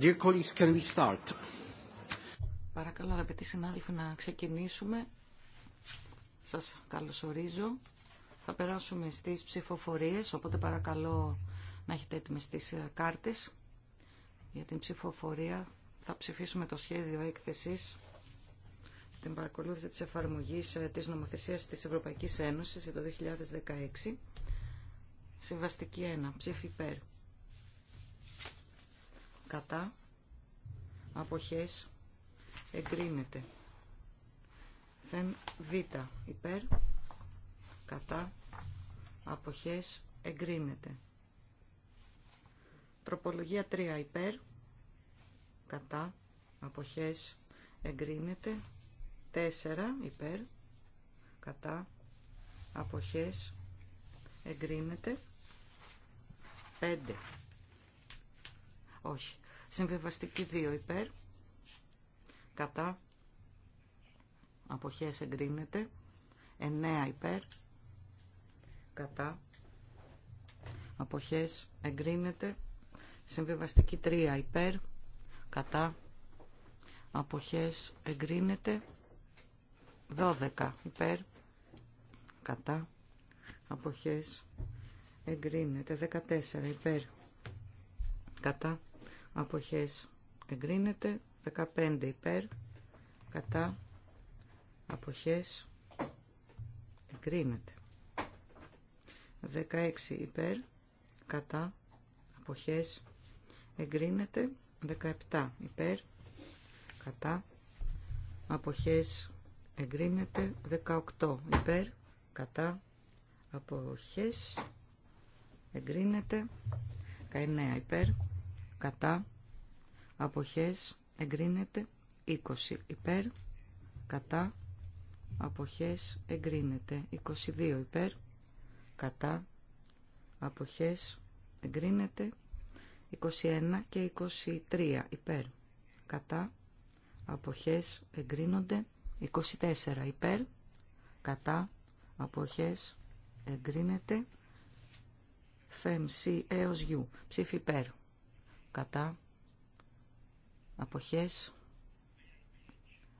Dear colleagues, can we start? Παρακαλώ αγαπητοί συνάδελφοι να ξεκινήσουμε. Σας καλωσορίζω. Θα περάσουμε στις ψηφοφορίες, οπότε παρακαλώ να έχετε έτοιμες τις ε, κάρτες για την ψηφοφορία. Θα ψηφίσουμε το σχέδιο έκθεσης την παρακολούθηση της εφαρμογής ε, της νομοθεσίας της Ευρωπαϊκής Ένωσης για το 2016. Συμβαστική 1. Ψήφι υπέρ κατά αποχές εγκρίνεται φεμ β υπέρ κατά αποχές εγκρίνεται τροπολογία 3 υπέρ κατά αποχές εγκρίνεται 4 υπέρ κατά αποχές εγκρίνεται 5 όχι Συμβιβαστική 2 υπέρ. Κατά. Αποχές εγκρίνεται. 9 υπέρ. Κατά. Αποχές εγκρίνεται. Συμβιβαστική 3 υπέρ. Κατά. Αποχές εγκρίνεται. 12 υπέρ. Κατά. Αποχές εγκρίνεται. 14 υπέρ. Κατά αποχές εγκρίνεται 15 υπέρ κατά αποχές εγκρίνεται 16 υπέρ κατά αποχές εγκρίνεται 17 υπέρ κατά αποχές εγκρίνεται 18 υπέρ κατά αποχές εγκρίνεται 19 υπέρ κατά αποχές εγκρίνεται 20 υπέρ κατά αποχές εγκρίνεται 22 υπέρ κατά αποχές εγκρίνεται 21 και 23 υπέρ κατά αποχές εγκρίνονται 24 υπέρ κατά αποχές εγκρίνεται φεμ έως γιου ψήφι υπέρ κατά αποχές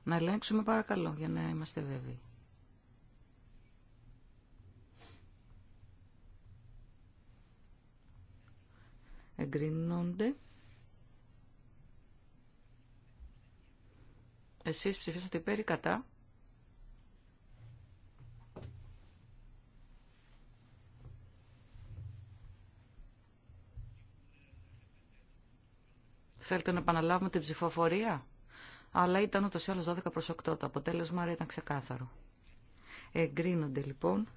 να ελέγξουμε παρακαλώ για να είμαστε βέβαιοι. Εγκρίνονται. Εσείς ψηφίσατε υπέρ ή κατά. Θέλετε να επαναλάβουμε την ψηφοφορία. Αλλά ήταν ούτως ή άλλως 12 προς 8. Το αποτέλεσμα άρα ήταν ξεκάθαρο. Εγκρίνονται λοιπόν.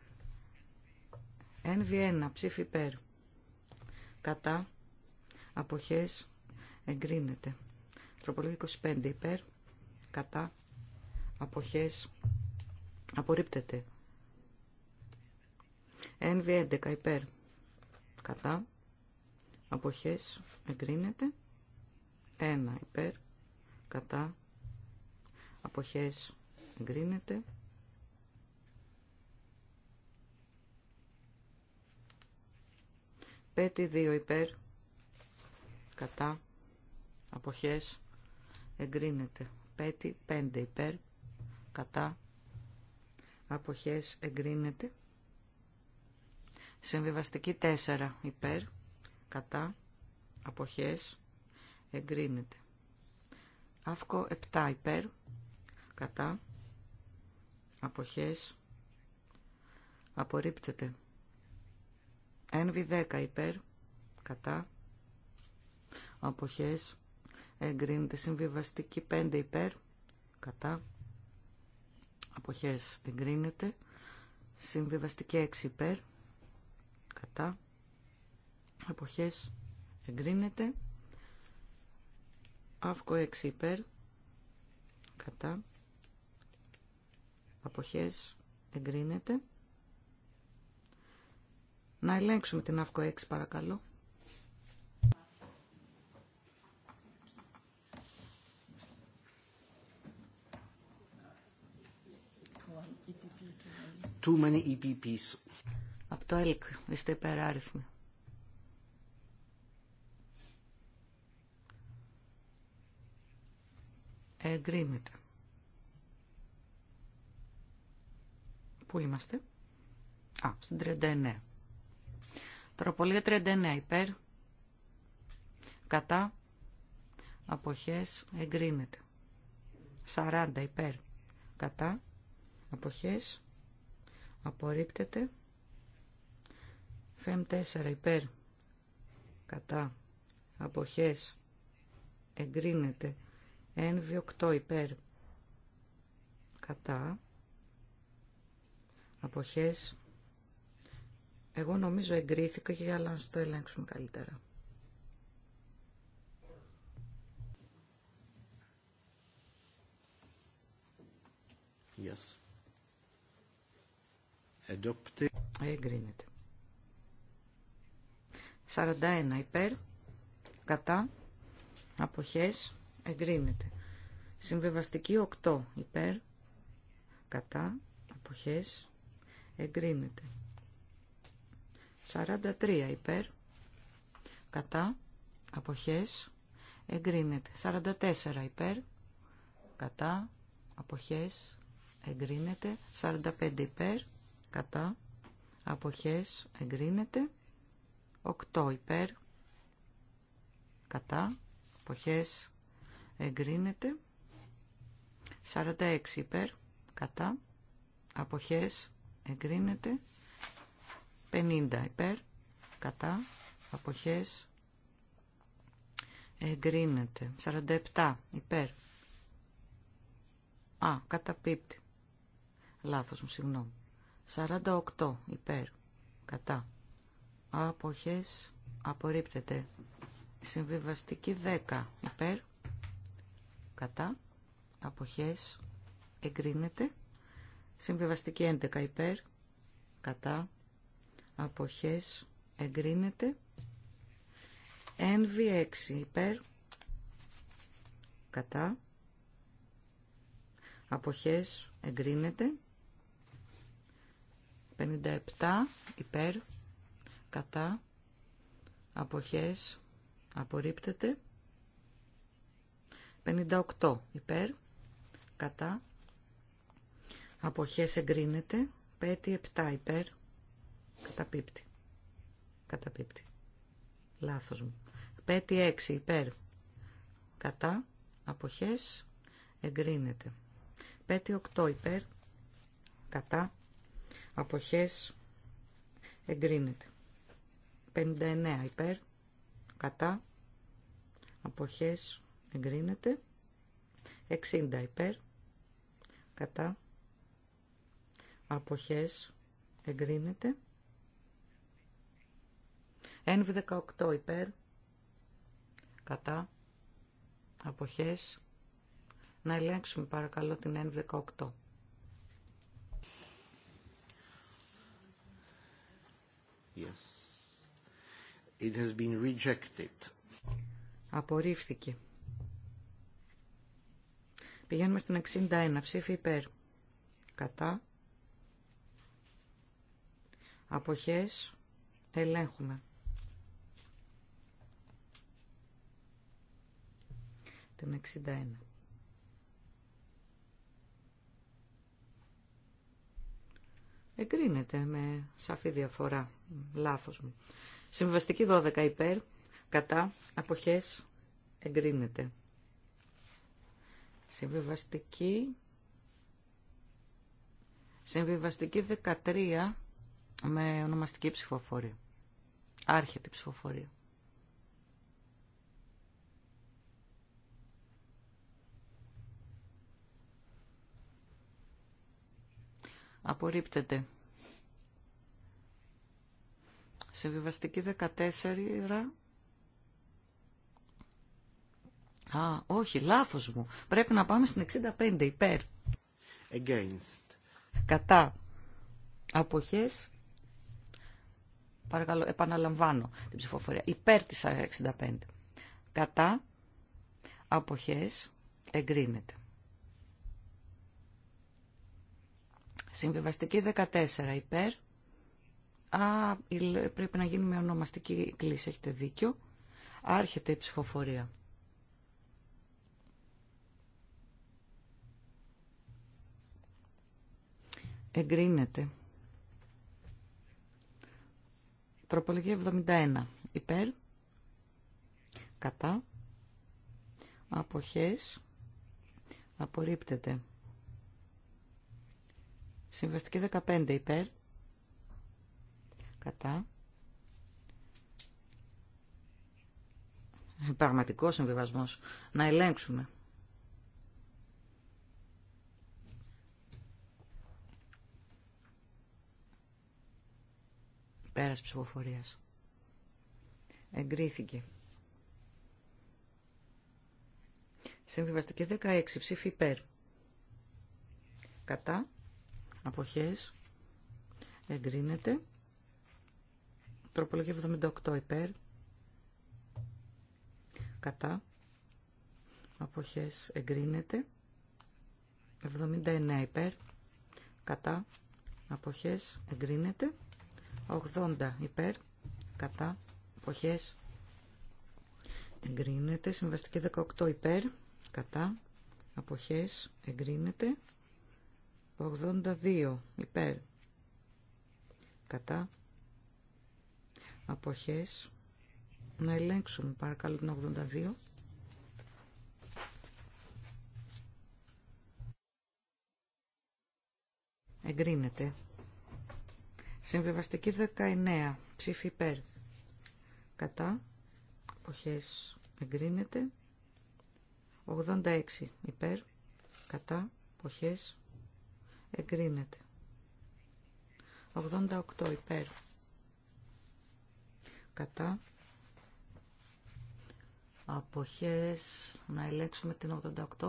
NV1 ψήφι υπέρ. Κατά. Αποχές. Εγκρίνεται. Τροπολογία 25 υπέρ. Κατά. Αποχές. Απορρίπτεται. NV11 υπέρ. Κατά. Αποχές. Εγκρίνεται. 1 υπέρ, κατά, αποχές εγκρίνεται. 5 2 υπέρ, κατά, αποχές εγκρίνεται. 5 5 υπέρ, κατά, αποχές εγκρίνεται. Συμβιβαστική 4 υπέρ, κατά, αποχές εγκρίνεται. Αύκο 7 υπέρ, κατά, αποχές, απορρίπτεται. Ένβι 10 υπέρ, κατά, αποχές, εγκρίνεται. Συμβιβαστική 5 υπέρ, κατά, αποχές, εγκρίνεται. Συμβιβαστική 6 υπέρ, κατά, αποχές, εγκρίνεται. Αύκο 6 υπέρ. Κατά. Αποχές εγκρίνεται. Να ελέγξουμε την Αύκο 6 παρακαλώ. Too many EPPs. Από το ΕΛΚ είστε υπεράριθμοι. εγκρίνεται. Πού είμαστε? Α, στην 39. Τροπολία 39 υπέρ, κατά, αποχές, εγκρίνεται. 40 υπέρ, κατά, αποχές, απορρίπτεται. Φεμ 4 υπέρ, κατά, αποχές, εγκρίνεται ένβι 8 υπέρ κατά αποχές εγώ νομίζω εγκρίθηκα και για να το ελέγξουμε καλύτερα. Yes. Adopted. Εγκρίνεται. 41 υπέρ, κατά, αποχές, εγκρίνεται. Συμβεβαστική 8 υπέρ, κατά, αποχές, εγκρίνεται. 43 υπέρ, κατά, αποχές, εγκρίνεται. 44 υπέρ, κατά, αποχές, εγκρίνεται. 45 υπέρ, κατά, αποχές, εγκρίνεται. 8 υπέρ, κατά, αποχές, εγκρίνεται 46 υπέρ κατά αποχές εγκρίνεται 50 υπέρ κατά αποχές εγκρίνεται 47 υπέρ α καταπίπτει λάθος μου συγγνώμη 48 υπέρ κατά αποχές απορρίπτεται συμβιβαστική 10 υπέρ κατά, αποχές, εγκρίνεται. Συμβιβαστική 11 υπέρ, κατά, αποχές, εγκρίνεται. εγκρίνεται 6 υπέρ, κατά, αποχές, εγκρίνεται. 57 υπέρ, κατά, αποχές, απορρίπτεται. 58 υπέρ, κατά, αποχές εγκρίνεται, 5 7 υπέρ, καταπίπτει, καταπίπτει, λάθος μου. 5 6 υπέρ, κατά, αποχές εγκρίνεται. 5 8 υπέρ, κατά, αποχές εγκρίνεται. 59 υπέρ, κατά, αποχές εγκρίνεται. 60 υπέρ, κατά, αποχές, ένβ NV18 υπέρ, κατά, αποχές, να ελέγξουμε παρακαλώ την ένβ 18 Yes. It has been rejected. Απορρίφθηκε. Πηγαίνουμε στην 61. Ψήφι υπέρ. Κατά. Αποχές. Ελέγχουμε. Την 61. Εγκρίνεται με σαφή διαφορά. Λάθος μου. Συμβαστική 12 υπέρ. Κατά. Αποχές. Εγκρίνεται. Συμβιβαστική. Συμβιβαστική 13 με ονομαστική ψηφοφορία. Άρχεται ψηφοφορία. Απορρίπτεται. Συμβιβαστική 14 Α, όχι, λάθος μου. Πρέπει να πάμε στην 65 υπέρ. Against. Κατά. Αποχές. Παρακαλώ, επαναλαμβάνω την ψηφοφορία. Υπέρ της 65. Κατά. Αποχές. Εγκρίνεται. Συμβιβαστική 14 υπέρ. Α, πρέπει να γίνει με ονομαστική κλίση, έχετε δίκιο. Άρχεται η ψηφοφορία. εγκρίνεται. Τροπολογία 71. Υπέρ. Κατά. Αποχές. Απορρίπτεται. Συμβαστική 15. Υπέρ. Κατά. Πραγματικό συμβιβασμός. Να ελέγξουμε. Πέρας ψηφοφορίας. Εγκρίθηκε. Συμβιβαστική 16 ψήφι υπέρ. Κατά. Αποχές. Εγκρίνεται. Τροπολογία 78 υπέρ. Κατά. Αποχές εγκρίνεται. 79 υπέρ. Κατά. Αποχές εγκρίνεται. 80 υπέρ, κατά, εποχές, εγκρίνεται. Συμβαστική 18 υπέρ, κατά, αποχές, εγκρίνεται. 82 υπέρ, κατά, αποχές. Να ελέγξουμε παρακαλώ την 82. Εγκρίνεται. Συμβιβαστική 19. Ψήφι υπέρ. Κατά. Αποχές εγκρίνεται. 86. Υπέρ. Κατά. Αποχές εγκρίνεται. 88. Υπέρ. Κατά. Αποχές. Να ελέγξουμε την 88.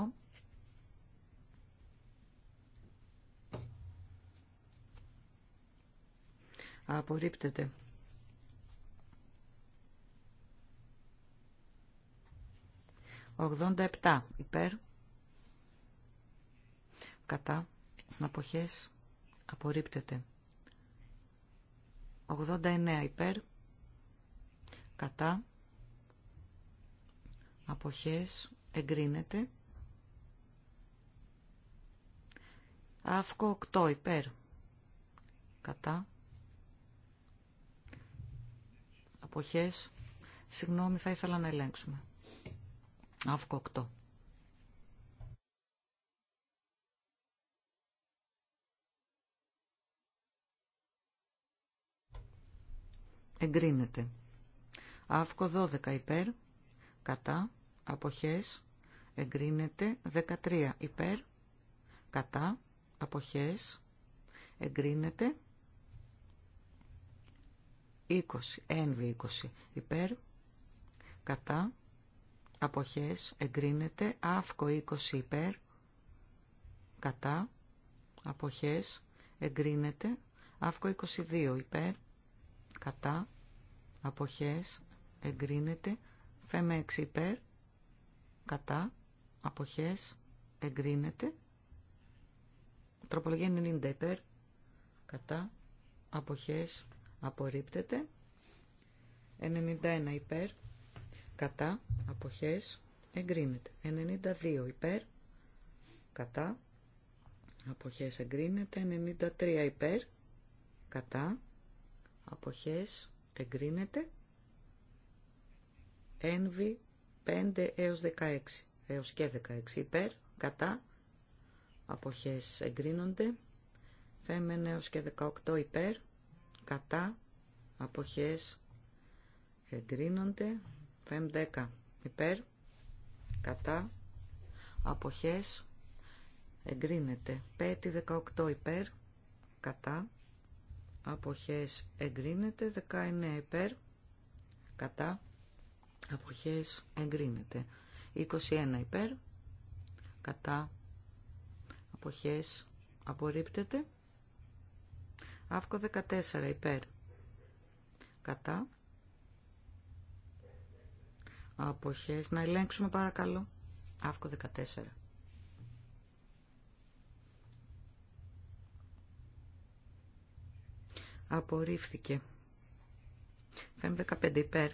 Απορρίπτεται. 87 Υπέρ. Κατά. Αποχές. Απορρίπτεται. 89 υπέρ, κατά, αποχές, εγκρίνεται. Αύκο 8 υπέρ, κατά, αποχές, συγγνώμη θα ήθελα να ελέγξουμε. Αύκο 8. Εγκρίνεται. Αύκο 12 υπέρ, κατά, αποχές, εγκρίνεται. 13 υπέρ, κατά, αποχές, εγκρίνεται. 20, ένβη 20 υπέρ, κατά, αποχές, εγκρίνεται, αύκο 20 υπέρ, κατά, αποχές, εγκρίνεται, αύκο 22 υπέρ, κατά, αποχές, εγκρίνεται, φέμε 6 υπέρ, κατά, αποχές, εγκρίνεται, τροπολογία 90 υπέρ, κατά, αποχές, απορρίπτεται. 91 υπέρ, κατά, αποχές, εγκρίνεται. 92 υπέρ, κατά, αποχές εγκρίνεται. 93 υπέρ, κατά, αποχές εγκρίνεται. Ένβη 5 έως 16, έως και 16 υπέρ, κατά, αποχές εγκρίνονται. Φέμεν έως και 18 υπέρ, κατά αποχές εγκρίνονται 5-10 υπέρ κατά αποχές εγκρίνεται 5-18 υπέρ κατά αποχές εγκρίνεται 19 υπέρ κατά αποχές εγκρίνεται 21 υπέρ κατά αποχές απορρίπτεται Αύκο 14 υπέρ. Κατά. Αποχές. Να ελέγξουμε παρακαλώ. Αύκο 14. Απορρίφθηκε. Φέμ 15 υπέρ.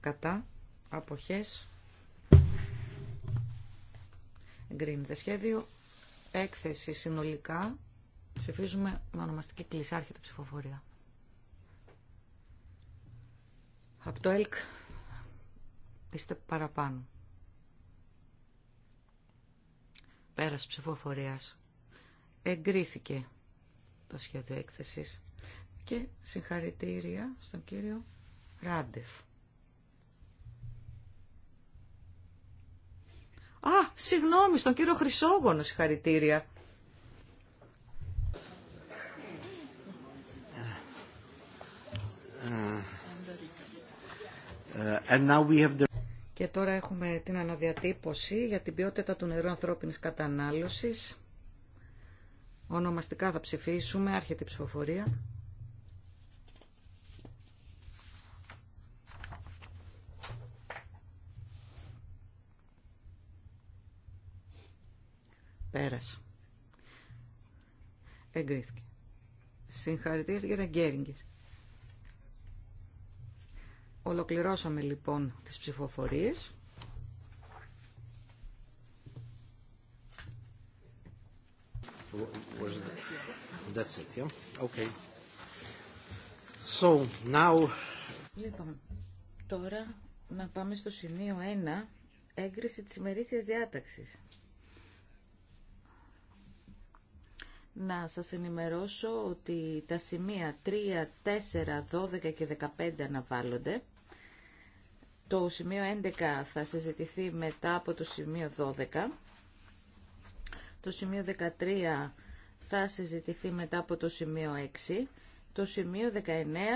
Κατά. Αποχές. Εγκρίνεται σχέδιο. Έκθεση συνολικά. Ψηφίζουμε με ονομαστική κλίση. ψηφοφορία. Από το ΕΛΚ είστε παραπάνω. Πέρας ψηφοφορίας. Εγκρίθηκε το σχέδιο έκθεσης και συγχαρητήρια στον κύριο Ράντεφ. Α, συγγνώμη, στον κύριο Χρυσόγονο συγχαρητήρια. Και τώρα έχουμε την αναδιατύπωση για την ποιότητα του νερού ανθρώπινης κατανάλωσης. Ονομαστικά θα ψηφίσουμε, άρχεται η ψηφοφορία. Πέρασε. Εγκρίθηκε. Συγχαρητήρια για κυρία Γκέριγκερ. Ολοκληρώσαμε λοιπόν τις ψηφοφορίες. That's it, yeah? okay. so, now... Λοιπόν, τώρα να πάμε στο σημείο 1, έγκριση της ημερήσιας διάταξης. Να σας ενημερώσω ότι τα σημεία 3, 4, 12 και 15 αναβάλλονται. Το σημείο 11 θα συζητηθεί μετά από το σημείο 12. Το σημείο 13 θα συζητηθεί μετά από το σημείο 6. Το σημείο 19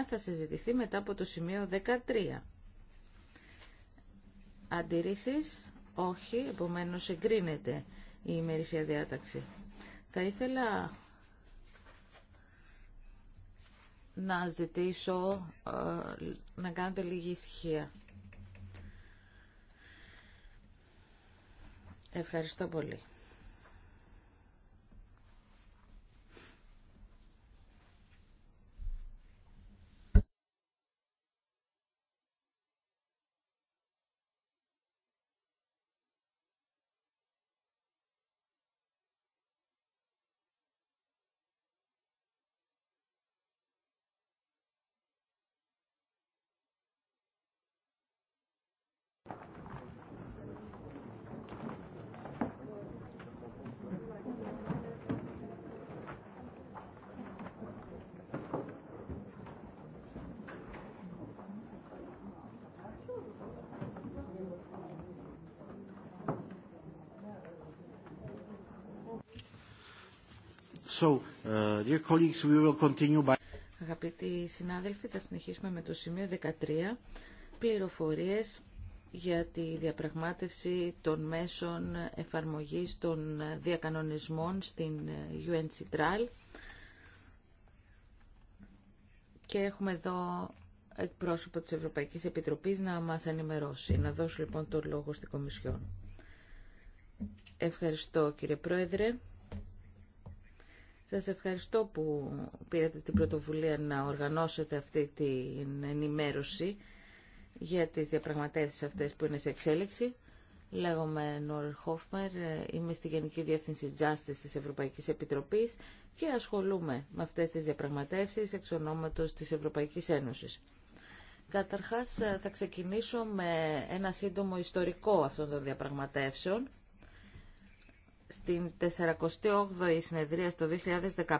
θα συζητηθεί μετά από το σημείο 13. Αντιρρήσεις, όχι, επομένως εγκρίνεται η ημερήσια διάταξη. Θα ήθελα να ζητήσω ε, να κάνετε λίγη ησυχία. Ευχαριστώ πολύ. Uh, Αγαπητοί συνάδελφοι, θα συνεχίσουμε με το σημείο 13, πληροφορίες για τη διαπραγμάτευση των μέσων εφαρμογής των διακανονισμών στην UN Central Και έχουμε εδώ εκπρόσωπο της Ευρωπαϊκής Επιτροπής να μας ενημερώσει. Να δώσω λοιπόν τον λόγο στην Κομισιόν. Ευχαριστώ κύριε Πρόεδρε. Σας ευχαριστώ που πήρατε την πρωτοβουλία να οργανώσετε αυτή την ενημέρωση για τις διαπραγματεύσεις αυτές που είναι σε εξέλιξη. Λέγομαι Νόρ Χόφμερ, είμαι στη Γενική Διεύθυνση Justice της Ευρωπαϊκής Επιτροπής και ασχολούμαι με αυτές τις διαπραγματεύσεις εξ ονόματος της Ευρωπαϊκής Ένωσης. Καταρχάς θα ξεκινήσω με ένα σύντομο ιστορικό αυτών των διαπραγματεύσεων στην 48η συνεδρία το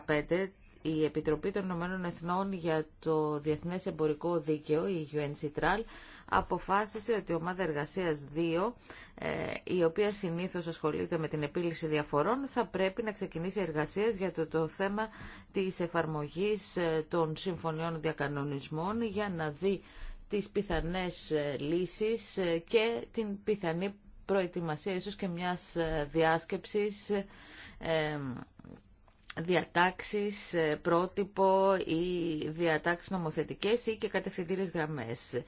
2015, η Επιτροπή των Ηνωμένων Εθνών για το Διεθνές Εμπορικό Δίκαιο, η UNCTRAL, αποφάσισε ότι η ομάδα εργασίας 2, ε, η οποία συνήθως ασχολείται με την επίλυση διαφορών, θα πρέπει να ξεκινήσει εργασίες για το, το θέμα της εφαρμογής ε, των συμφωνιών διακανονισμών για να δει τις πιθανές ε, λύσεις και την πιθανή προετοιμασία ίσως και μιας ε, διάσκεψης ε, διατάξεις ε, πρότυπο ή διατάξεις νομοθετικές ή και κατευθυντήρες γραμμές.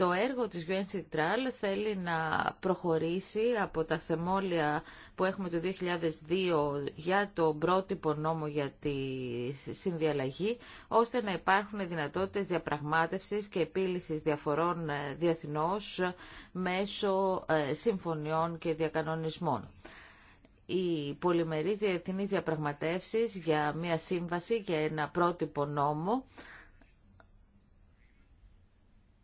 Το έργο της UN Central θέλει να προχωρήσει από τα θεμόλια που έχουμε το 2002 για το πρότυπο νόμο για τη συνδιαλλαγή, ώστε να υπάρχουν δυνατότητες διαπραγμάτευσης και επίλυσης διαφορών ε, διεθνώς μέσω ε, συμφωνιών και διακανονισμών οι πολυμερείς διεθνείς διαπραγματεύσεις για μια σύμβαση και ένα πρότυπο νόμο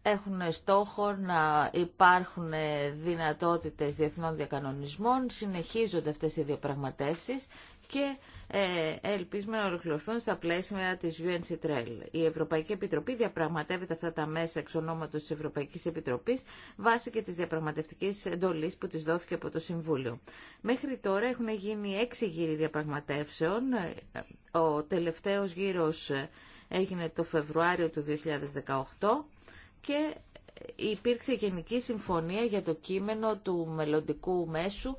έχουν στόχο να υπάρχουν δυνατότητες διεθνών διακανονισμών, συνεχίζονται αυτές οι διαπραγματεύσεις και ε, ελπίζουμε να ολοκληρωθούν στα πλαίσια της Trail. Η Ευρωπαϊκή Επιτροπή διαπραγματεύεται αυτά τα μέσα εξ ονόματος της Ευρωπαϊκής Επιτροπής βάσει και της διαπραγματευτικής εντολής που της δόθηκε από το Συμβούλιο. Μέχρι τώρα έχουν γίνει έξι γύροι διαπραγματεύσεων. Ο τελευταίος γύρος έγινε το Φεβρουάριο του 2018 και υπήρξε γενική συμφωνία για το κείμενο του μελλοντικού μέσου.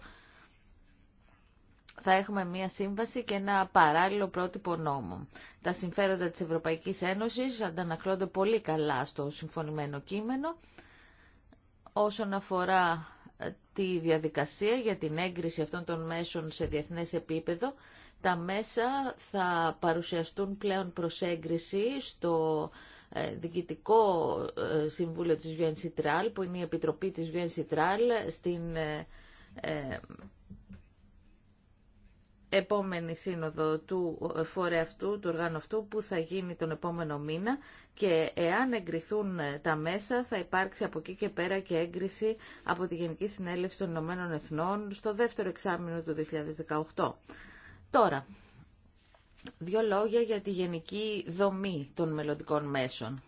Θα έχουμε μία σύμβαση και ένα παράλληλο πρότυπο νόμου. Τα συμφέροντα της Ευρωπαϊκής Ένωσης αντανακλώνται πολύ καλά στο συμφωνημένο κείμενο. Όσον αφορά ε, τη διαδικασία για την έγκριση αυτών των μέσων σε διεθνές επίπεδο, τα μέσα θα παρουσιαστούν πλέον προς έγκριση στο ε, διοικητικό ε, συμβούλιο της Σιτράλ, που είναι η Επιτροπή της Σιτράλ στην ε, επόμενη σύνοδο του φορέα αυτού, του οργάνου αυτού, που θα γίνει τον επόμενο μήνα και εάν εγκριθούν τα μέσα θα υπάρξει από εκεί και πέρα και έγκριση από τη Γενική Συνέλευση των Ηνωμένων Εθνών στο δεύτερο εξάμεινο του 2018. Τώρα, δύο λόγια για τη γενική δομή των μελλοντικών μέσων.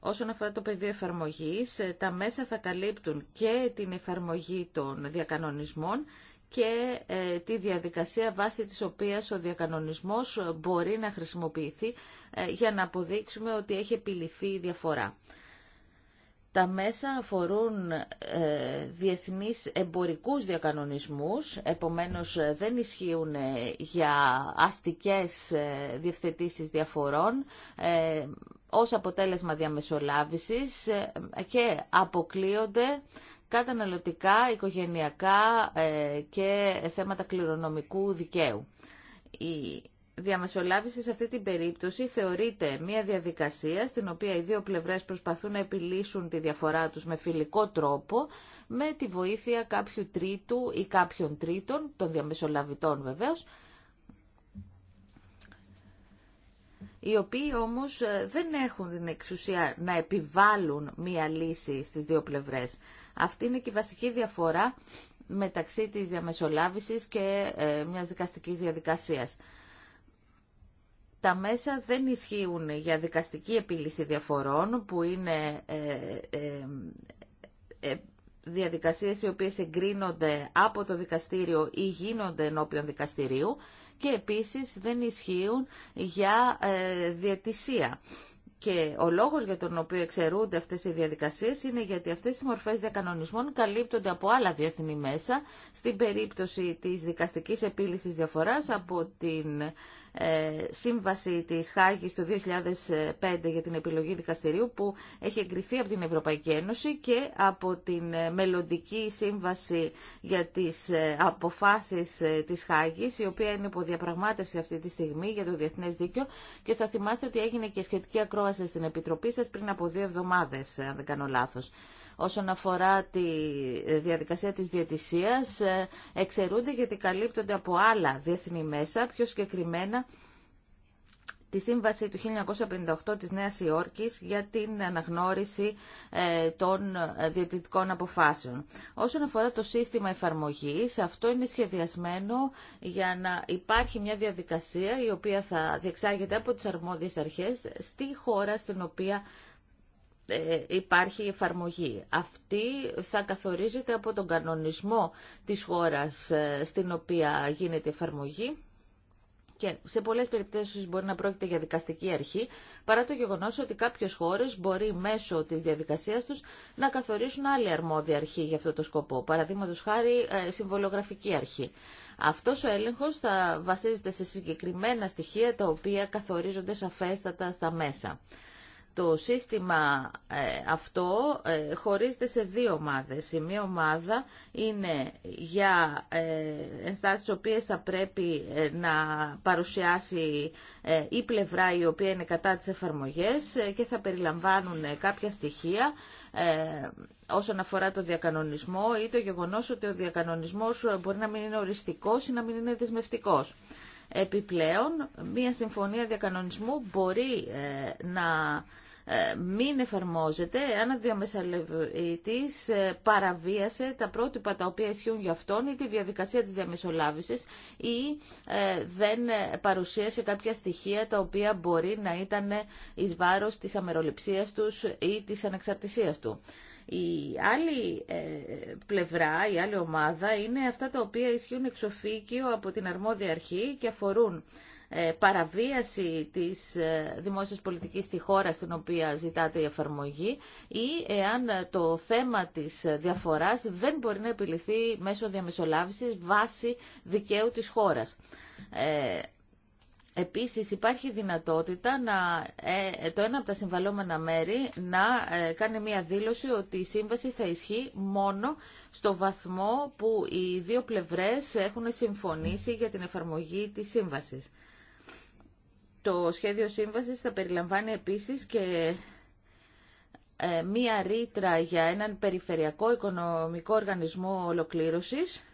Όσον αφορά το πεδίο εφαρμογής, ε, τα μέσα θα καλύπτουν και την εφαρμογή των διακανονισμών και ε, τη διαδικασία βάσει της οποίας ο διακανονισμός μπορεί να χρησιμοποιηθεί ε, για να αποδείξουμε ότι έχει επιληθεί η διαφορά. Τα μέσα αφορούν ε, διεθνείς εμπορικούς διακανονισμούς, επομένως ε, δεν ισχύουν ε, για αστικές ε, διευθετήσεις διαφορών, ε, ως αποτέλεσμα διαμεσολάβησης και αποκλείονται καταναλωτικά, οικογενειακά και θέματα κληρονομικού δικαίου. Η διαμεσολάβηση σε αυτή την περίπτωση θεωρείται μια διαδικασία στην οποία οι δύο πλευρές προσπαθούν να επιλύσουν τη διαφορά τους με φιλικό τρόπο με τη βοήθεια κάποιου τρίτου ή κάποιων τρίτων, των διαμεσολαβητών βεβαίως, οι οποίοι όμως ε, δεν έχουν την εξουσία να επιβάλλουν μία λύση στις δύο πλευρές. Αυτή είναι και η βασική διαφορά μεταξύ της διαμεσολάβησης και ε, μιας δικαστικής διαδικασίας τα μέσα δεν ισχύουν για δικαστική επίλυση διαφορών που είναι ε, ε, ε, διαδικασίες οι οποίες εγκρίνονται από το δικαστήριο ή γίνονται ενώπιον δικαστηρίου και επίσης δεν ισχύουν για διατησία. Και ο λόγος για τον οποίο εξαιρούνται αυτές οι διαδικασίες είναι γιατί αυτές οι μορφές διακανονισμών καλύπτονται από άλλα διεθνή μέσα, στην περίπτωση της δικαστικής επίλυσης διαφοράς από την ε, σύμβαση της Χάγης το 2005 για την επιλογή δικαστηρίου που έχει εγκριθεί από την Ευρωπαϊκή Ένωση και από την ε, μελλοντική σύμβαση για τις ε, αποφάσεις της Χάγης η οποία είναι υποδιαπραγμάτευση αυτή τη στιγμή για το Διεθνές Δίκαιο και θα θυμάστε ότι έγινε και σχετική ακρόαση στην Επιτροπή σας πριν από δύο εβδομάδες αν δεν κάνω λάθος όσον αφορά τη διαδικασία της διαιτησίας ε, εξαιρούνται γιατί καλύπτονται από άλλα διεθνή μέσα, πιο συγκεκριμένα τη σύμβαση του 1958 της Νέας Υόρκης για την αναγνώριση ε, των ε, διαιτητικών αποφάσεων. Όσον αφορά το σύστημα εφαρμογής, αυτό είναι σχεδιασμένο για να υπάρχει μια διαδικασία η οποία θα διεξάγεται από τις αρμόδιες αρχές στη χώρα στην οποία ε, υπάρχει εφαρμογή. Αυτή θα καθορίζεται από τον κανονισμό της χώρας ε, στην οποία γίνεται η εφαρμογή και σε πολλές περιπτώσεις μπορεί να πρόκειται για δικαστική αρχή, παρά το γεγονός ότι κάποιες χώρες μπορεί μέσω της διαδικασίας τους να καθορίσουν άλλη αρμόδια αρχή για αυτό το σκοπό, παραδείγματο χάρη ε, συμβολογραφική αρχή. Αυτός ο έλεγχος θα βασίζεται σε συγκεκριμένα στοιχεία τα οποία καθορίζονται σαφέστατα στα μέσα. Το σύστημα ε, αυτό ε, χωρίζεται σε δύο ομάδες. Η μία ομάδα είναι για ε, ενστάσεις οποίες θα πρέπει να παρουσιάσει η πλευρά η οποία είναι κατά τις εφαρμογές και θα περιλαμβάνουν κάποια στοιχεία όσον αφορά το διακανονισμό ή το γεγονός ότι ο διακανονισμός μπορεί να μην είναι οριστικός ή να μην είναι δεσμευτικός. Επιπλέον, μία συμφωνία διακανονισμού μπορεί να ε, μην εφαρμόζεται αν ο διαμεσολαβητής ε, παραβίασε τα πρότυπα τα οποία ισχύουν για αυτόν ή τη διαδικασία της διαμεσολάβησης ή ε, δεν παρουσίασε κάποια στοιχεία τα οποία μπορεί να ήταν εις βάρος της αμεροληψίας τους ή της ανεξαρτησίας του. Η άλλη πλευρά, η άλλη ομάδα είναι αυτά τα οποία ισχύουν εξοφίκιο από την αρμόδια αρχή και αφορούν ε, παραβίαση της ε, δημόσιας πολιτικής στη χώρα στην οποία ζητάται η εφαρμογή ή εάν ε, το θέμα της διαφοράς δεν μπορεί να επιληθεί μέσω διαμεσολάβησης βαση δικαίου της χώρας. Επίσης υπάρχει δυνατότητα να, το ένα από τα συμβαλόμενα μέρη να κάνει μία δήλωση ότι η σύμβαση θα ισχύει μόνο στο βαθμό που οι δύο πλευρές έχουν συμφωνήσει για την εφαρμογή της σύμβασης. Το σχέδιο σύμβασης θα περιλαμβάνει επίσης και ε, μία ρήτρα για έναν περιφερειακό οικονομικό οργανισμό ολοκλήρωσης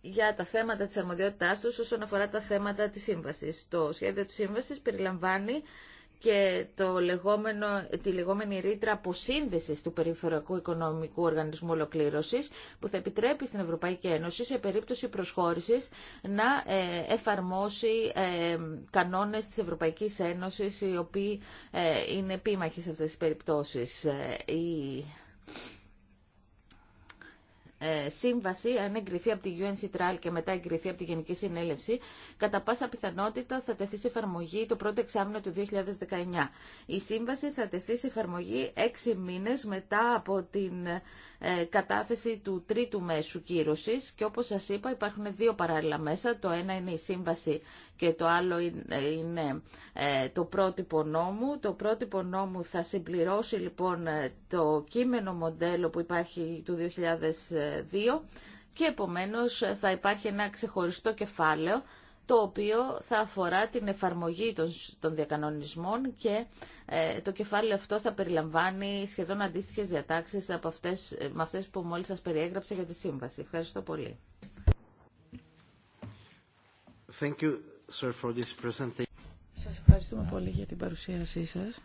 για τα θέματα της αρμοδιότητάς τους όσον αφορά τα θέματα της σύμβασης. Το σχέδιο της σύμβασης περιλαμβάνει και το λεγόμενο, τη λεγόμενη ρήτρα αποσύνδεση του Περιφερειακού Οικονομικού Οργανισμού Ολοκλήρωση, που θα επιτρέπει στην Ευρωπαϊκή Ένωση σε περίπτωση προσχώρηση να ε, εφαρμόσει ε, κανόνε τη Ευρωπαϊκή Ένωση, οι οποίοι ε, είναι επίμαχοι σε αυτέ τι περιπτώσει. Ε, ε, σύμβαση, αν εγκριθεί από τη UN Citral και μετά εγκριθεί από τη Γενική Συνέλευση, κατά πάσα πιθανότητα θα τεθεί σε εφαρμογή το πρώτο εξάμεινο του 2019. Η σύμβαση θα τεθεί σε εφαρμογή έξι μήνες μετά από την ε, κατάθεση του τρίτου μέσου κύρωσης και όπως σας είπα υπάρχουν δύο παράλληλα μέσα. Το ένα είναι η σύμβαση και το άλλο είναι ε, το πρότυπο νόμου. Το πρότυπο νόμου θα συμπληρώσει λοιπόν ε, το κείμενο μοντέλο που υπάρχει του 2002 και επομένως θα υπάρχει ένα ξεχωριστό κεφάλαιο το οποίο θα αφορά την εφαρμογή των διακανονισμών και ε, το κεφάλαιο αυτό θα περιλαμβάνει σχεδόν αντίστοιχες διατάξεις από αυτές, ε, με αυτές που μόλις σας περιέγραψα για τη σύμβαση. Ευχαριστώ πολύ. Thank you, sir, for this presentation. Σας ευχαριστούμε πολύ για την παρουσίασή σας.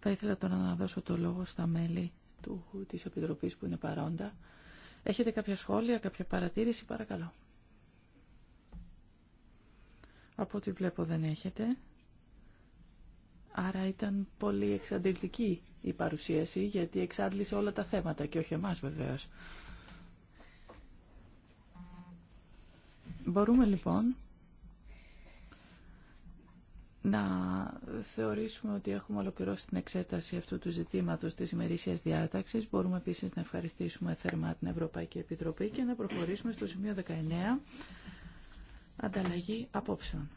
Θα ήθελα τώρα να δώσω το λόγο στα μέλη του, της Επιτροπής που είναι παρόντα. Έχετε κάποια σχόλια, κάποια παρατήρηση, παρακαλώ. Από ό,τι βλέπω δεν έχετε. Άρα ήταν πολύ εξαντλητική η παρουσίαση γιατί εξάντλησε όλα τα θέματα και όχι εμάς βεβαίως. Μπορούμε λοιπόν να θεωρήσουμε ότι έχουμε ολοκληρώσει την εξέταση αυτού του ζητήματος της ημερήσιας διάταξης. Μπορούμε επίσης να ευχαριστήσουμε θερμά την Ευρωπαϊκή Επιτροπή και να προχωρήσουμε στο σημείο 19 ανταλλαγή απόψεων.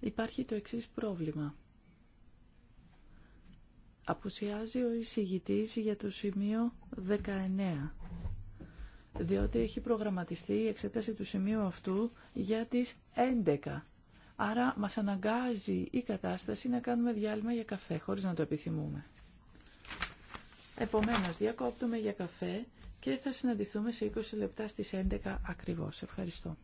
Υπάρχει το εξής πρόβλημα. Αποουσιάζει ο εισηγητής για το σημείο 19 διότι έχει προγραμματιστεί η εξέταση του σημείου αυτού για τις 11. Άρα μας αναγκάζει η κατάσταση να κάνουμε διάλειμμα για καφέ, χωρίς να το επιθυμούμε. Επομένως, διακόπτουμε για καφέ και θα συναντηθούμε σε 20 λεπτά στις 11 ακριβώς. Ευχαριστώ.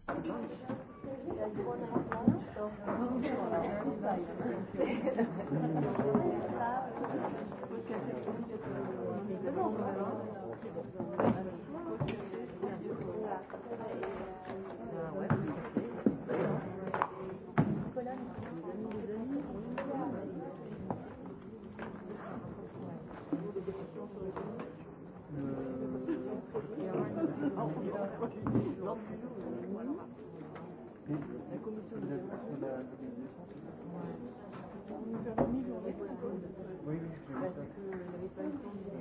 La commission de la Oui, oui,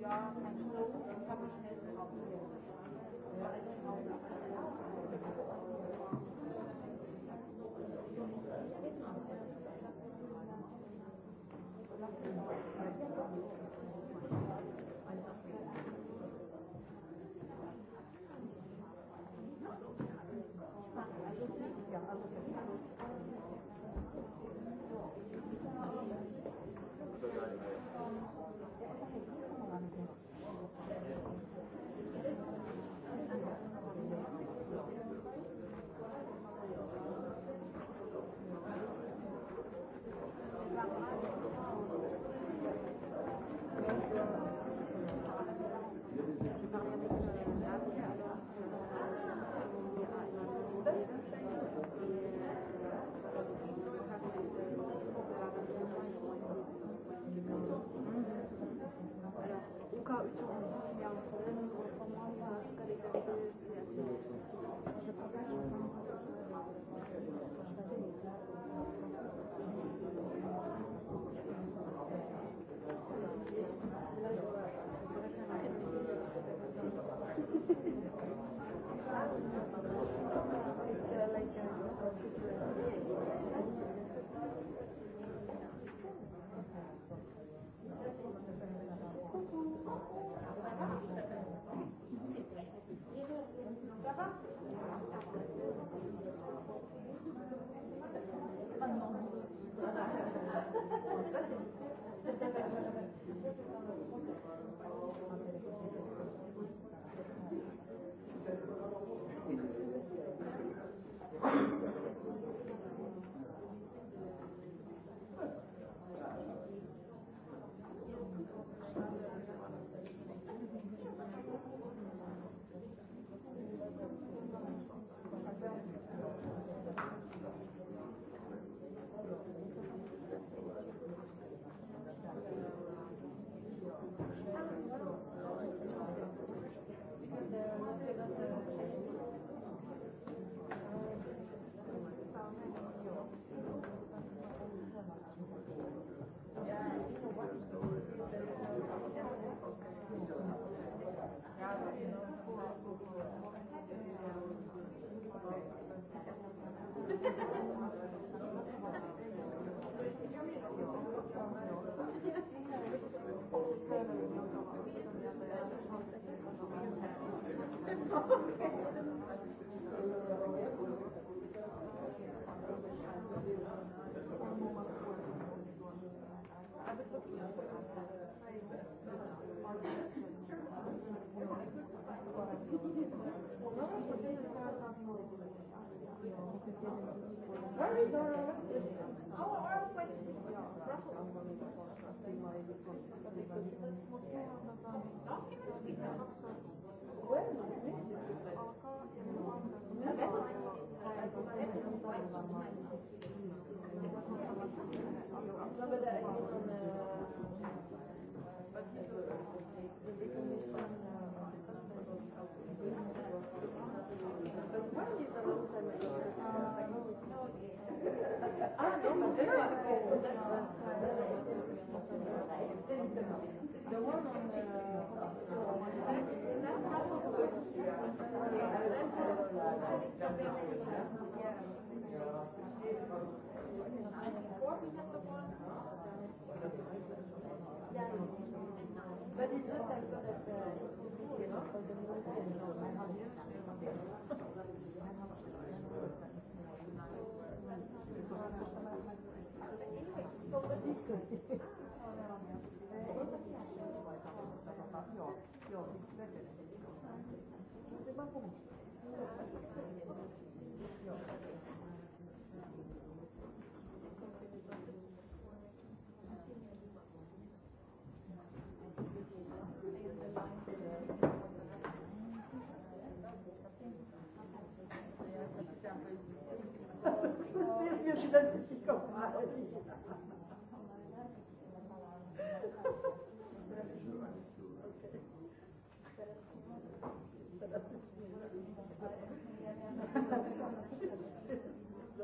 Ja, Thank you. Well,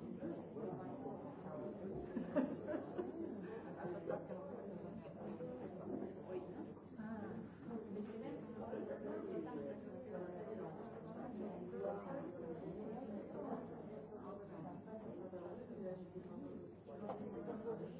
Υπότιτλοι AUTHORWAVE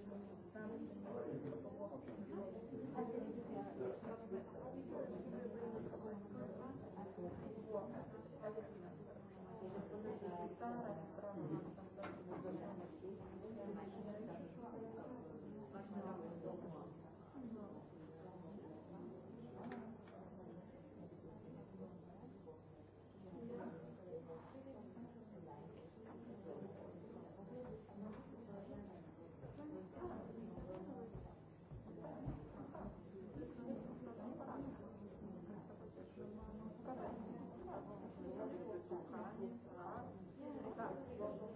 you. Thank you.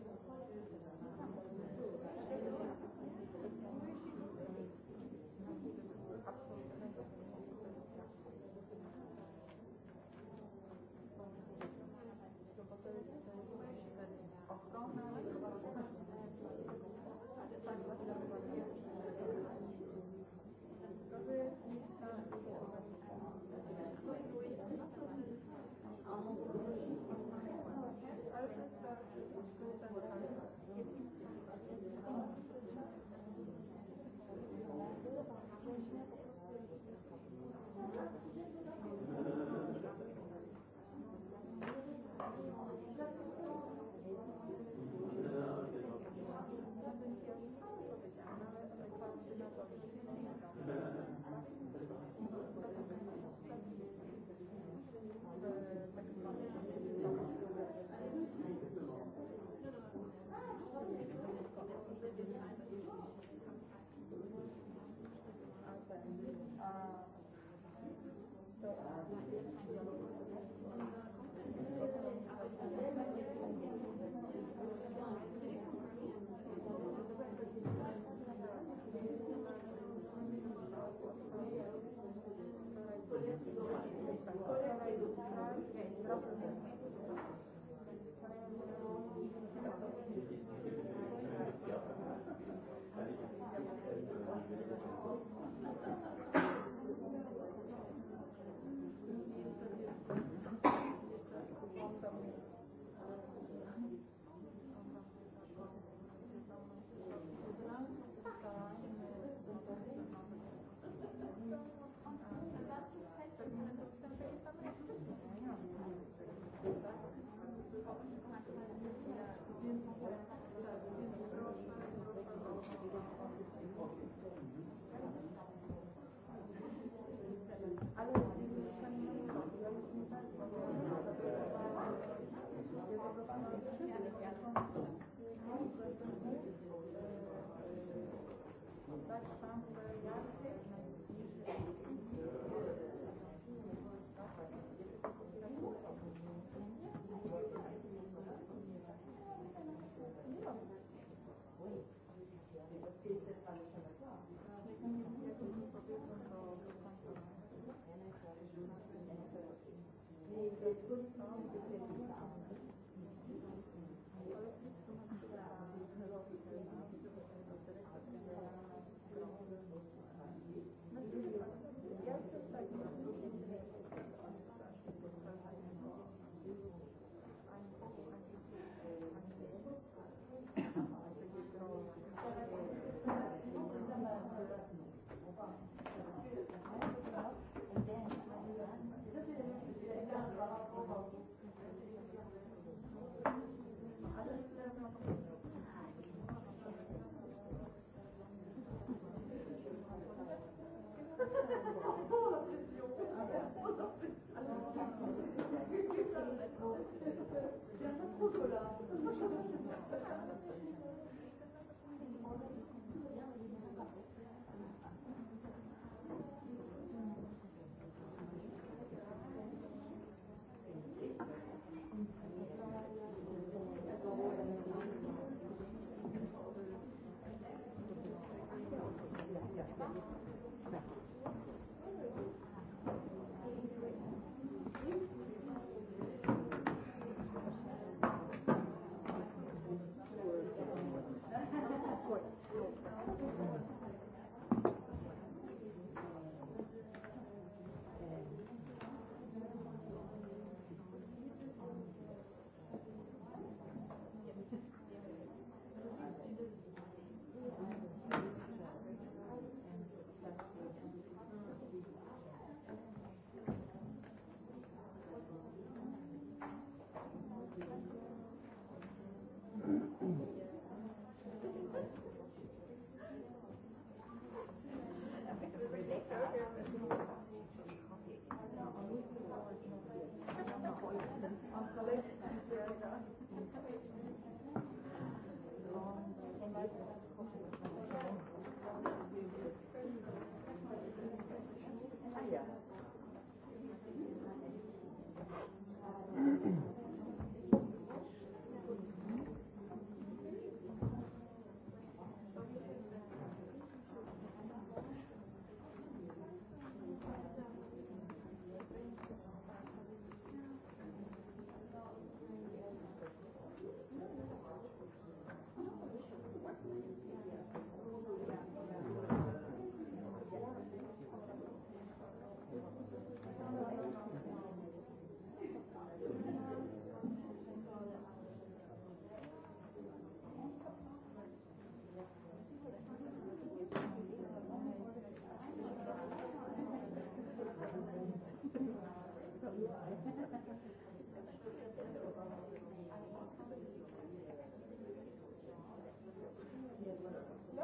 Thank you.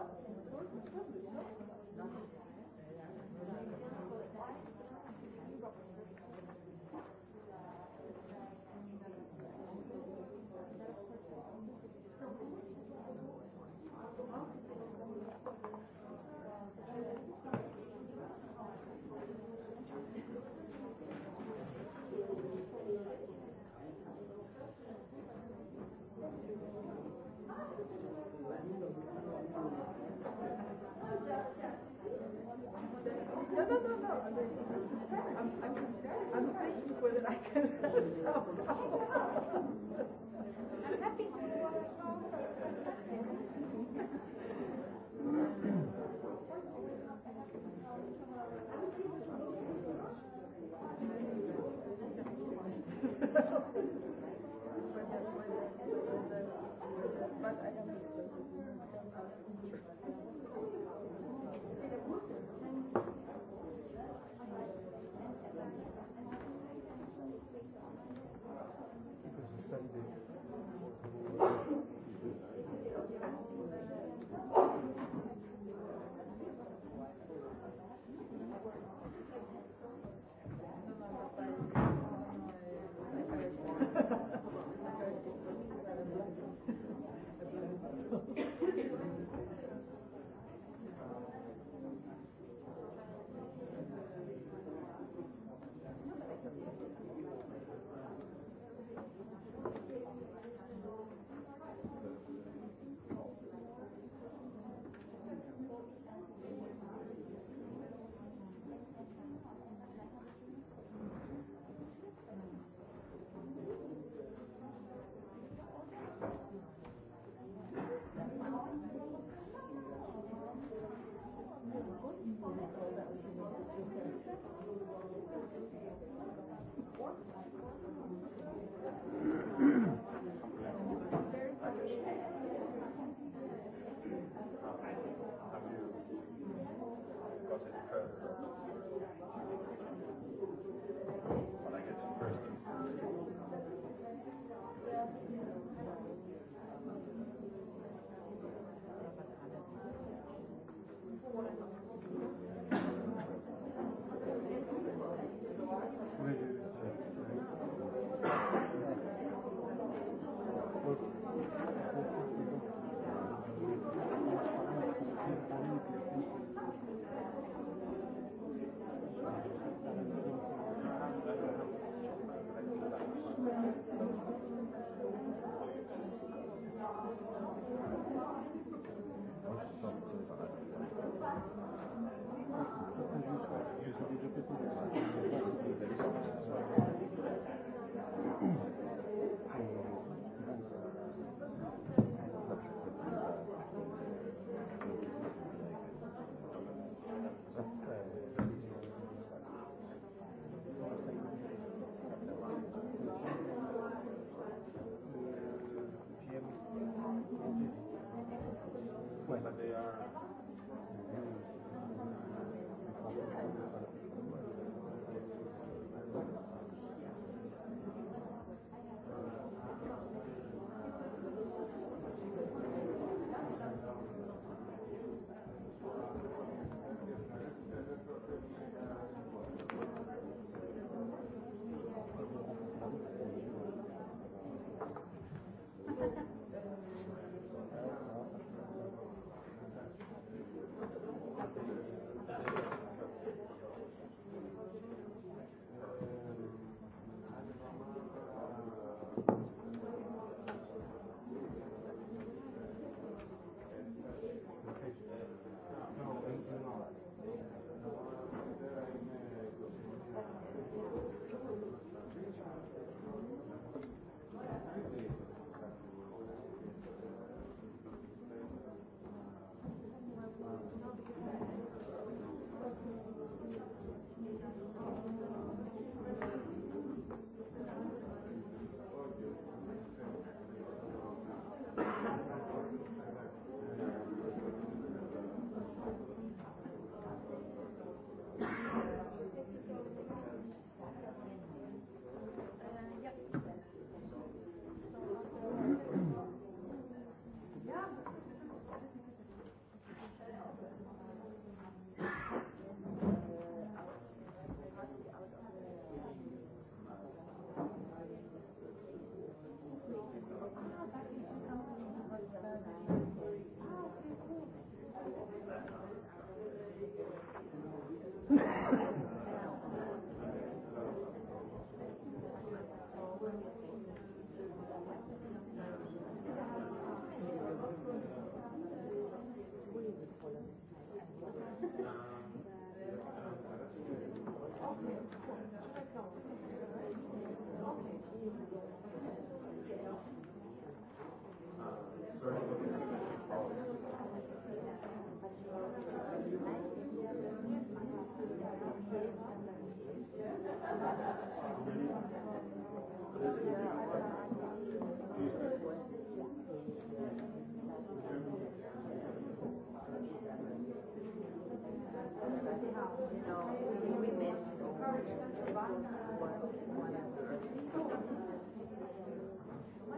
Thank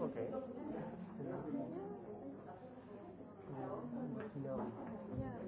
Okay. No.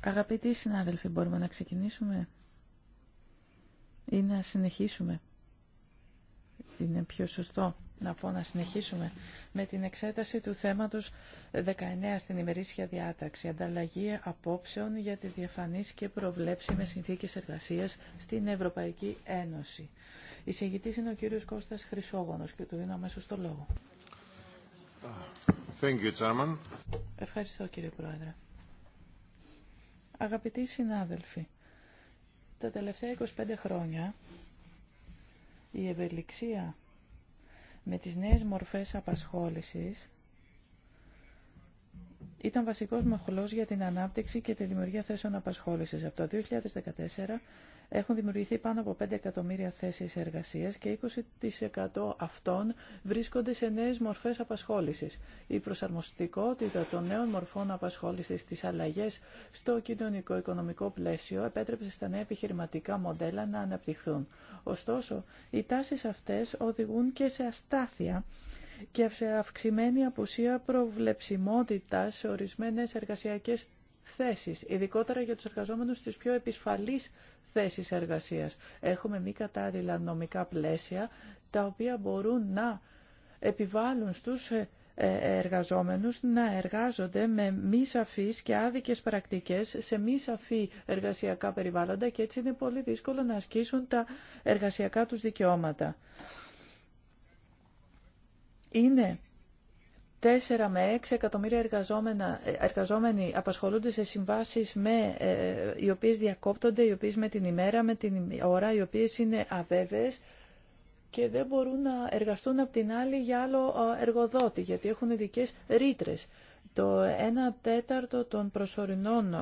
Αγαπητοί συνάδελφοι, μπορούμε να ξεκινήσουμε ή να συνεχίσουμε. Είναι πιο σωστό να πω να συνεχίσουμε με την εξέταση του θέματος 19 στην ημερήσια διάταξη. Ανταλλαγή απόψεων για τις διαφανείς και με συνθήκες εργασίας στην Ευρωπαϊκή Ένωση. Η συγητής είναι ο κύριος Κώστας Χρυσόγονος και του δίνω αμέσως το λόγο. Thank you, Ευχαριστώ κύριε Πρόεδρε. Αγαπητοί συνάδελφοι, τα τελευταία 25 χρόνια η ευελιξία με τις νέες μορφές απασχόλησης ήταν βασικός μοχλός για την ανάπτυξη και τη δημιουργία θέσεων απασχόλησης. Από το 2014 έχουν δημιουργηθεί πάνω από 5 εκατομμύρια θέσεις εργασίας και 20% αυτών βρίσκονται σε νέες μορφές απασχόλησης. Η προσαρμοστικότητα των νέων μορφών απασχόλησης στις αλλαγές στο κοινωνικό-οικονομικό πλαίσιο επέτρεψε στα νέα επιχειρηματικά μοντέλα να αναπτυχθούν. Ωστόσο, οι τάσεις αυτές οδηγούν και σε αστάθεια και σε αυξημένη απουσία προβλεψιμότητα σε ορισμένες εργασιακές θέσεις, ειδικότερα για τους εργαζόμενους στις πιο επισφαλείς θέσεις εργασίας. Έχουμε μη κατάλληλα νομικά πλαίσια τα οποία μπορούν να επιβάλλουν στους ε, ε, εργαζόμενους να εργάζονται με μη σαφείς και άδικες πρακτικές σε μη σαφή εργασιακά περιβάλλοντα και έτσι είναι πολύ δύσκολο να ασκήσουν τα εργασιακά τους δικαιώματα. Είναι 4 με 6 εκατομμύρια εργαζόμενα, ε, εργαζόμενοι απασχολούνται σε συμβάσεις με, ε, οι οποίες διακόπτονται, οι οποίες με την ημέρα, με την ώρα, οι οποίες είναι αβέβαιες και δεν μπορούν να εργαστούν από την άλλη για άλλο ε, εργοδότη, γιατί έχουν ειδικέ ρήτρε. Το 1 τέταρτο των προσωρινών,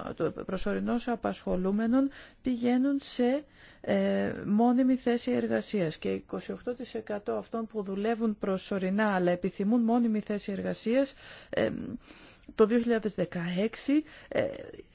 απασχολούμενων πηγαίνουν σε ε, μόνιμη θέση εργασίας και 28% αυτών που δουλεύουν προσωρινά αλλά επιθυμούν μόνιμη θέση εργασίας ε, το 2016 ε,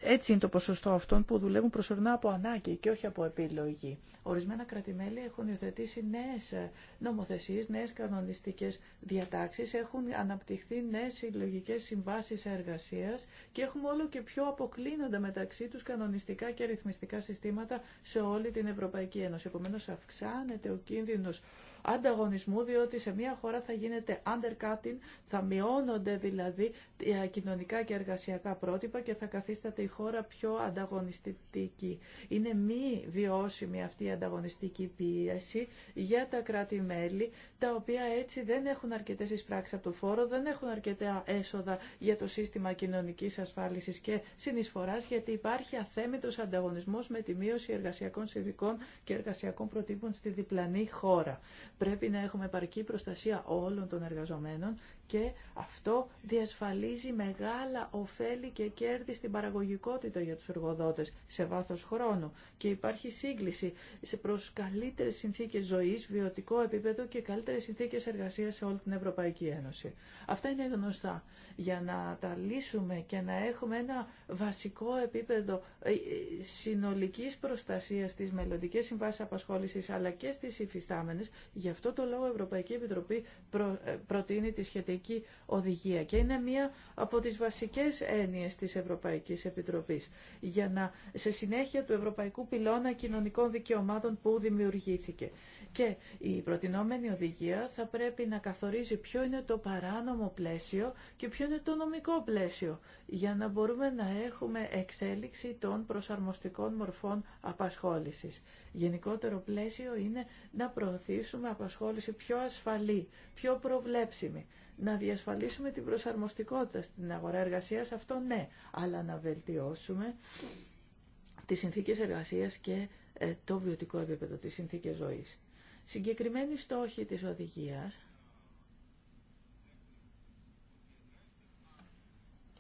έτσι είναι το ποσοστό αυτών που δουλεύουν προσωρινά από ανάγκη και όχι από επιλογή. Ορισμένα κρατημέλη έχουν υιοθετήσει νέες ε, νομοθεσίες, νέες κανονιστικές διατάξεις, έχουν αναπτυχθεί νέες συλλογικέ συμβάσεις εργασίας και έχουμε όλο και πιο αποκλίνοντα μεταξύ τους κανονιστικά και ρυθμιστικά συστήματα σε όλη την Ευρωπαϊκή Ένωση. Επομένως αυξάνεται ο κίνδυνος ανταγωνισμού, διότι σε μια χώρα θα γίνεται undercutting, θα μειώνονται δηλαδή τα κοινωνικά και εργασιακά πρότυπα και θα καθίσταται η χώρα πιο ανταγωνιστική. Είναι μη βιώσιμη αυτή η ανταγωνιστική πίεση για τα κράτη-μέλη, τα οποία έτσι δεν έχουν αρκετές εισπράξεις από το φόρο, δεν έχουν αρκετά έσοδα για το σύστημα κοινωνικής ασφάλισης και συνεισφοράς, γιατί υπάρχει αθέμητος ανταγωνισμός με τη μείωση εργασιακών συνδικών και εργασιακών προτύπων στη διπλανή χώρα. Πρέπει να έχουμε επαρκή προστασία όλων των εργαζομένων και αυτό διασφαλίζει μεγάλα ωφέλη και κέρδη στην παραγωγικότητα για τους εργοδότες σε βάθος χρόνου και υπάρχει σύγκληση σε προς καλύτερες συνθήκες ζωής, βιωτικό επίπεδο και καλύτερες συνθήκες εργασίας σε όλη την Ευρωπαϊκή Ένωση. Αυτά είναι γνωστά. Για να τα λύσουμε και να έχουμε ένα βασικό επίπεδο ε, ε, συνολικής προστασίας στις μελλοντικέ συμβάσει απασχόλησης αλλά και στις υφιστάμενες, γι' αυτό το λόγο η Ευρωπαϊκή Επιτροπή ε, προτείνει τη σχετική οδηγία και είναι μία από τις βασικές έννοιες της Ευρωπαϊκής Επιτροπής για να, σε συνέχεια του Ευρωπαϊκού Πυλώνα Κοινωνικών Δικαιωμάτων που δημιουργήθηκε. Και η προτινόμενη οδηγία θα πρέπει να καθορίζει ποιο είναι το παράνομο πλαίσιο και ποιο είναι το νομικό πλαίσιο για να μπορούμε να έχουμε εξέλιξη των προσαρμοστικών μορφών απασχόλησης. Γενικότερο πλαίσιο είναι να προωθήσουμε απασχόληση πιο ασφαλή, πιο προβλέψιμη να διασφαλίσουμε την προσαρμοστικότητα στην αγορά εργασίας, αυτό ναι, αλλά να βελτιώσουμε τις συνθήκες εργασίας και ε, το βιωτικό επίπεδο, τις συνθήκες ζωής. Συγκεκριμένοι στόχοι της οδηγίας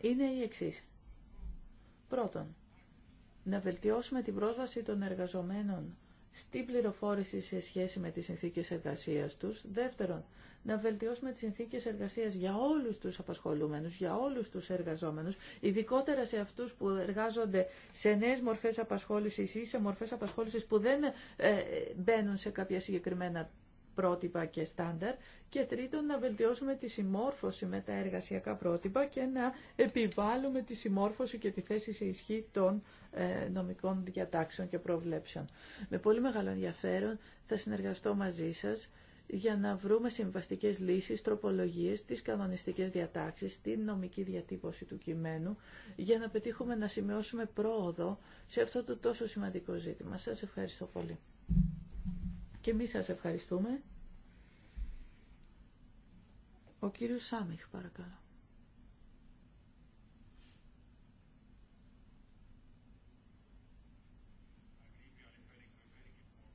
είναι οι εξής. Πρώτον, να βελτιώσουμε την πρόσβαση των εργαζομένων στην πληροφόρηση σε σχέση με τις συνθήκες εργασίας τους. Δεύτερον, να βελτιώσουμε τις συνθήκες εργασίας για όλους τους απασχολούμενους, για όλους τους εργαζόμενους, ειδικότερα σε αυτούς που εργάζονται σε νέες μορφές απασχόλησης ή σε μορφές απασχόλησης που δεν ε, μπαίνουν σε κάποια συγκεκριμένα πρότυπα και στάνταρ και τρίτον να βελτιώσουμε τη συμμόρφωση με τα εργασιακά πρότυπα και να επιβάλλουμε τη συμμόρφωση και τη θέση σε ισχύ των ε, νομικών διατάξεων και προβλέψεων. Με πολύ μεγάλο ενδιαφέρον θα συνεργαστώ μαζί σας για να βρούμε συμβαστικές λύσεις, τροπολογίες, τις κανονιστικές διατάξεις, την νομική διατύπωση του κειμένου, για να πετύχουμε να σημειώσουμε πρόοδο σε αυτό το τόσο σημαντικό ζήτημα. Σας ευχαριστώ πολύ. Και εμείς σας ευχαριστούμε. Ο κύριος Σάμιχ, παρακαλώ.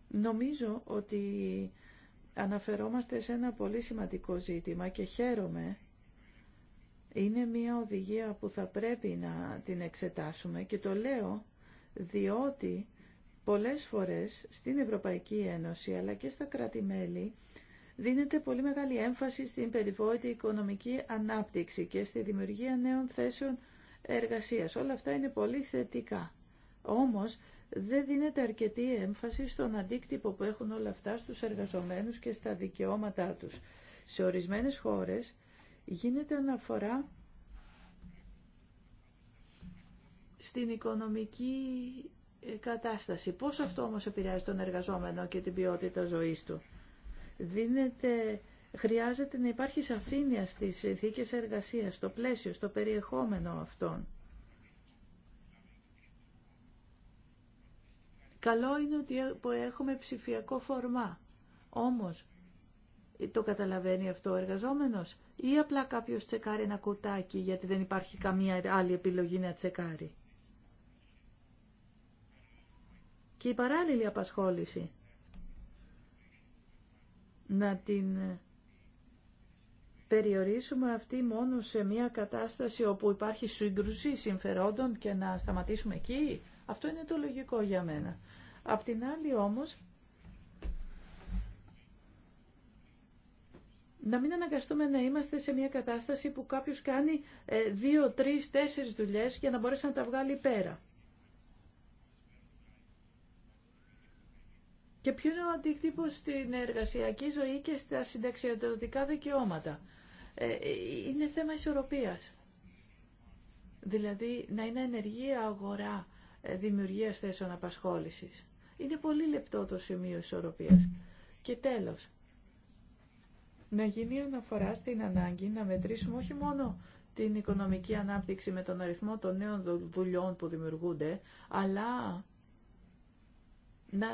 Νομίζω ότι αναφερόμαστε σε ένα πολύ σημαντικό ζήτημα και χαίρομαι. Είναι μια οδηγία που θα πρέπει να την εξετάσουμε και το λέω διότι Πολλές φορές στην Ευρωπαϊκή Ένωση αλλά και στα κράτη-μέλη δίνεται πολύ μεγάλη έμφαση στην περιβόητη οικονομική ανάπτυξη και στη δημιουργία νέων θέσεων εργασίας. Όλα αυτά είναι πολύ θετικά. Όμως δεν δίνεται αρκετή έμφαση στον αντίκτυπο που έχουν όλα αυτά στους εργαζομένους και στα δικαιώματά τους. Σε ορισμένες χώρες γίνεται αναφορά στην οικονομική ε, κατάσταση. Πώς αυτό όμως επηρεάζει τον εργαζόμενο και την ποιότητα ζωής του. Δίνεται, χρειάζεται να υπάρχει σαφήνεια στις συνθήκες εργασίας, στο πλαίσιο, στο περιεχόμενο αυτών. Καλό είναι ότι ε, έχουμε ψηφιακό φορμά. Όμως, ε, το καταλαβαίνει αυτό ο εργαζόμενος ή απλά κάποιος τσεκάρει ένα κουτάκι γιατί δεν υπάρχει καμία άλλη επιλογή να τσεκάρει. και η παράλληλη απασχόληση να την περιορίσουμε αυτή μόνο σε μια κατάσταση όπου υπάρχει σύγκρουση συμφερόντων και να σταματήσουμε εκεί. Αυτό είναι το λογικό για μένα. Απ' την άλλη όμως, να μην αναγκαστούμε να είμαστε σε μια κατάσταση που κάποιος κάνει ε, δύο, τρεις, τέσσερις δουλειές για να μπορέσει να τα βγάλει πέρα. Και ποιο είναι ο αντίκτυπο στην εργασιακή ζωή και στα συνταξιοδοτικά δικαιώματα. Ε, είναι θέμα ισορροπίας. Δηλαδή να είναι ενεργή αγορά ε, δημιουργία θέσεων απασχόλησης. Είναι πολύ λεπτό το σημείο ισορροπίας. Και τέλος, να γίνει αναφορά στην ανάγκη να μετρήσουμε όχι μόνο την οικονομική ανάπτυξη με τον αριθμό των νέων δουλειών που δημιουργούνται, αλλά να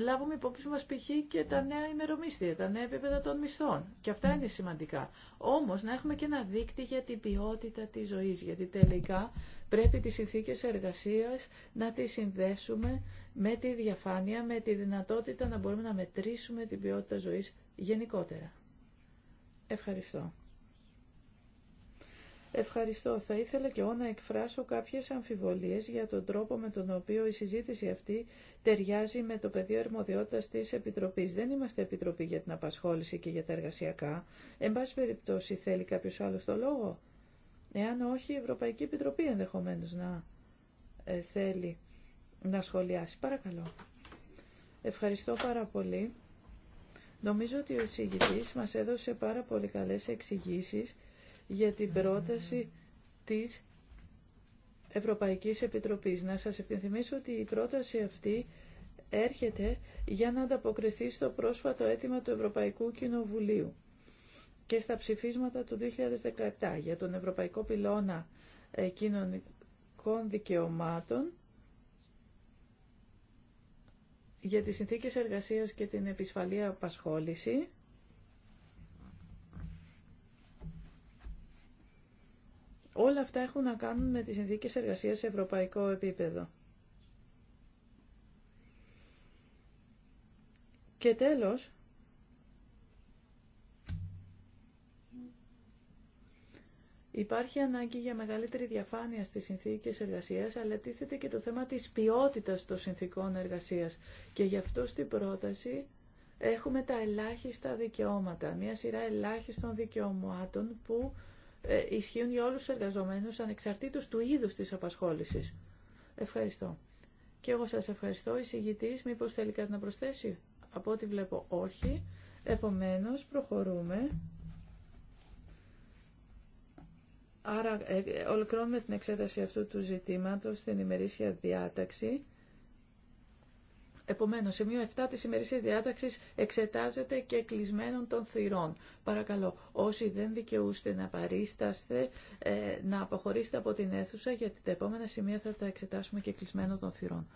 λάβουμε υπόψη μας π.χ. και τα ναι. νέα ημερομίσθια, τα νέα επίπεδα των μισθών. Και αυτά είναι σημαντικά. Όμως να έχουμε και ένα δείκτη για την ποιότητα της ζωής, γιατί τελικά πρέπει τις συνθήκες εργασίας να τις συνδέσουμε με τη διαφάνεια, με τη δυνατότητα να μπορούμε να μετρήσουμε την ποιότητα ζωής γενικότερα. Ευχαριστώ. Ευχαριστώ. Θα ήθελα και εγώ να εκφράσω κάποιες αμφιβολίες για τον τρόπο με τον οποίο η συζήτηση αυτή ταιριάζει με το πεδίο αρμοδιότητας της Επιτροπής. Δεν είμαστε Επιτροπή για την απασχόληση και για τα εργασιακά. Εν πάση περιπτώσει θέλει κάποιος άλλος το λόγο. Εάν όχι, η Ευρωπαϊκή Επιτροπή ενδεχομένως να ε, θέλει να σχολιάσει. Παρακαλώ. Ευχαριστώ πάρα πολύ. Νομίζω ότι ο εισηγητής μας έδωσε πάρα πολύ καλές εξηγήσεις για την πρόταση της Ευρωπαϊκής Επιτροπής. Να σας επιθυμίσω ότι η πρόταση αυτή έρχεται για να ανταποκριθεί στο πρόσφατο αίτημα του Ευρωπαϊκού Κοινοβουλίου και στα ψηφίσματα του 2017 για τον Ευρωπαϊκό Πυλώνα ε, Κοινωνικών Δικαιωμάτων για τις συνθήκες εργασίας και την επισφαλή απασχόληση Όλα αυτά έχουν να κάνουν με τις συνθήκες εργασίας σε ευρωπαϊκό επίπεδο. Και τέλος, Υπάρχει ανάγκη για μεγαλύτερη διαφάνεια στις συνθήκες εργασίας, αλλά τίθεται και το θέμα της ποιότητας των συνθήκων εργασίας. Και γι' αυτό στην πρόταση έχουμε τα ελάχιστα δικαιώματα, μια σειρά ελάχιστων δικαιωμάτων που ε, ισχύουν για όλους τους εργαζομένους ανεξαρτήτως του είδους της απασχόλησης. Ευχαριστώ. Και εγώ σας ευχαριστώ. Η μήπως θέλει κάτι να προσθέσει. Από ό,τι βλέπω όχι. Επομένως προχωρούμε. Άρα ε, ε, ολοκληρώνουμε την εξέταση αυτού του ζητήματος στην ημερήσια διάταξη. Επομένω, σημείο 7 τη ημερησία διάταξη εξετάζεται και κλεισμένων των θυρών. Παρακαλώ, όσοι δεν δικαιούστε να παρίσταστε, ε, να αποχωρήσετε από την αίθουσα, γιατί τα επόμενα σημεία θα τα εξετάσουμε και κλεισμένων των θυρών.